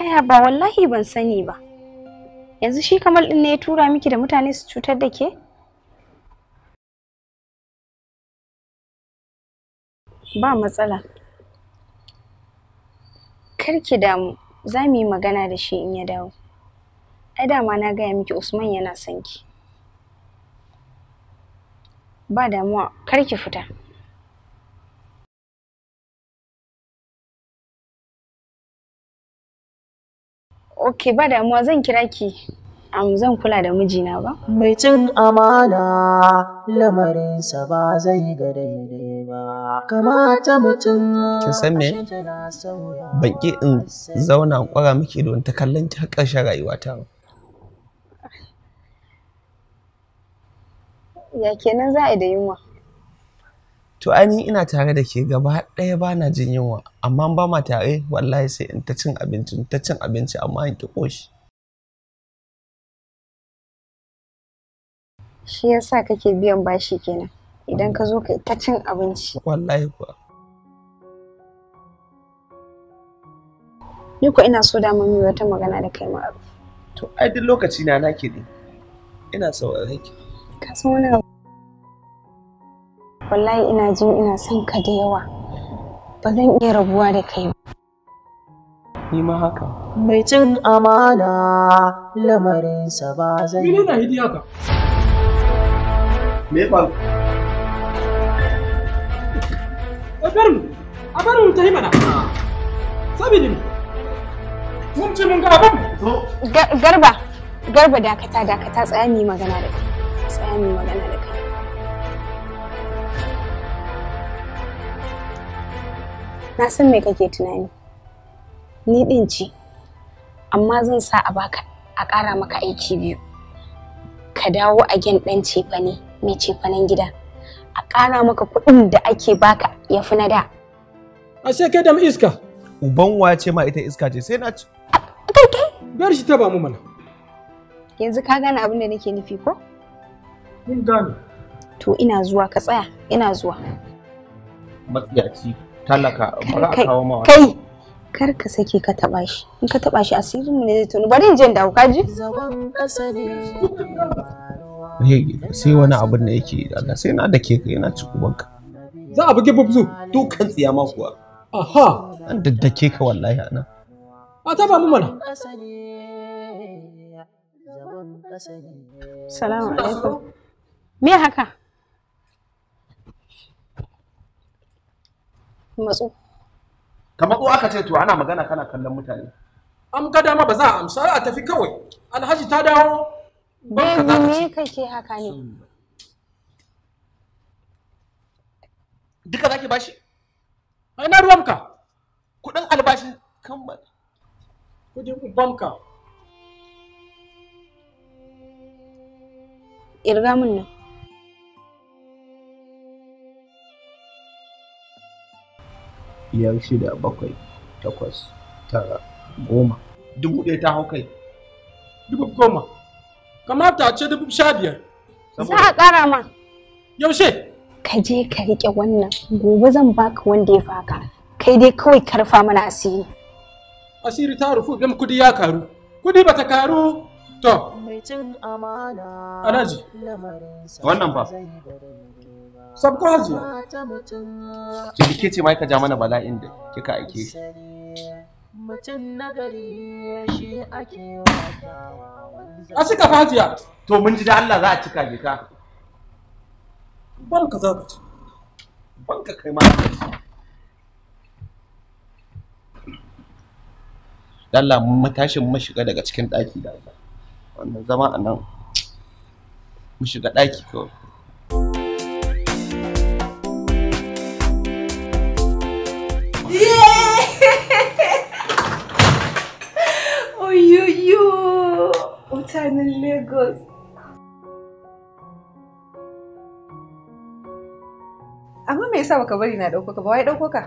Kaya ba wallahi ban sani ba. Yanzu shi kamar ɗin ne ya tura miki da mutane su cutar da ke? Ba matsala. Kar ki damu, za mu yi magana da shi in ya dawo. Ai ma na gaya miki Usman yana sanki Ba damuwa, kar ki fita. ok ba damuwa zan kira ki am zan kula da mijina ba mai cin amana lamarinsa ba zai ga daidai ba kamata mutum kin san me ban ki in zauna kwara miki don ta kallon ta ƙarshen rayuwata ba ya kenan za a yi da yunwa to ani ina tare da ke gaba ɗaya ba na jin yunwa amma ba ma tare wallahi sai in ta cin abinci in ta cin abinci amma in ki koshi shi yasa kake biyan bashi kenan idan ka zo ka ta cin abinci wallahi kuwa ni ko ina so da mami wata magana da kai ma'aruf to ai duk lokaci na nake ne ina saurare ki ka sauna wallahi ina jin ina son ka da yawa ba zan iya rabuwa da kai ba ni ma haka mai cin amana sa ba zai yi na hidi haka me ba a barin mu a ta yi mana sabidi mu mun ce mun ga abin garba garba dakata dakata tsaya mu magana da kai tsaya mu magana da kai na san me kake tunani ni din ce amma zan sa a baka a ƙara maka aiki biyu ka dawo a gyan ɗan cefane mai cefanen gida a ƙara maka kuɗin da ake baka ya fi na da ashe ke da iska uban wace ma ita iska ce sai na ci kai kai Bari shi ta ba mu mana yanzu ka gane abin da nake nufi ko Kin gane to ina zuwa ka tsaya ina zuwa matsiyaci talaka ba a kawo ma kai kar ka sake ka taba shi in ka taba shi asirin mu ne zai tuni bari in je dawo ka ji sai wani abin da yake Allah sai na da ke kai na ci ubanka za a buge bubzu dukan tsiya kuwa aha an daddake ka wallahi ana a taba mu mana salamu alaikum me haka matso ka matso aka ce to ana magana kana kallon mutane an ga dama ba za a amsa a tafi kawai alhaji ta dawo ban ne ka ke haka ne duka zaki bashi ai na ka kudin albashin kan ba kudin ka irga mun nan biyar shida bakwai takwas tara goma dubu ɗaya ta hau kai dubu goma kamata a ce dubu sha biyar za a ƙara ma yaushe ka je ka riƙe wannan gobe zan baka wanda ya faka kai dai kawai karfa mana asiri asiri ta rufu gam kudi ya karu kudi bata karu to mai cin amana alhaji wannan ba. sabko hajiya ki ke ce mai ka ja mana bala'in da kika aike shi mutum na shi ake a hajiya to mun ji da Allah za a cika ki ka za ka ci banka kai ma Allah matashin mu shiga daga cikin ɗaki da wannan zama a nan mu shiga ɗaki kawai mutanen Lagos. Amma me yasa baka bari na ɗauko ba wai ɗauko ka?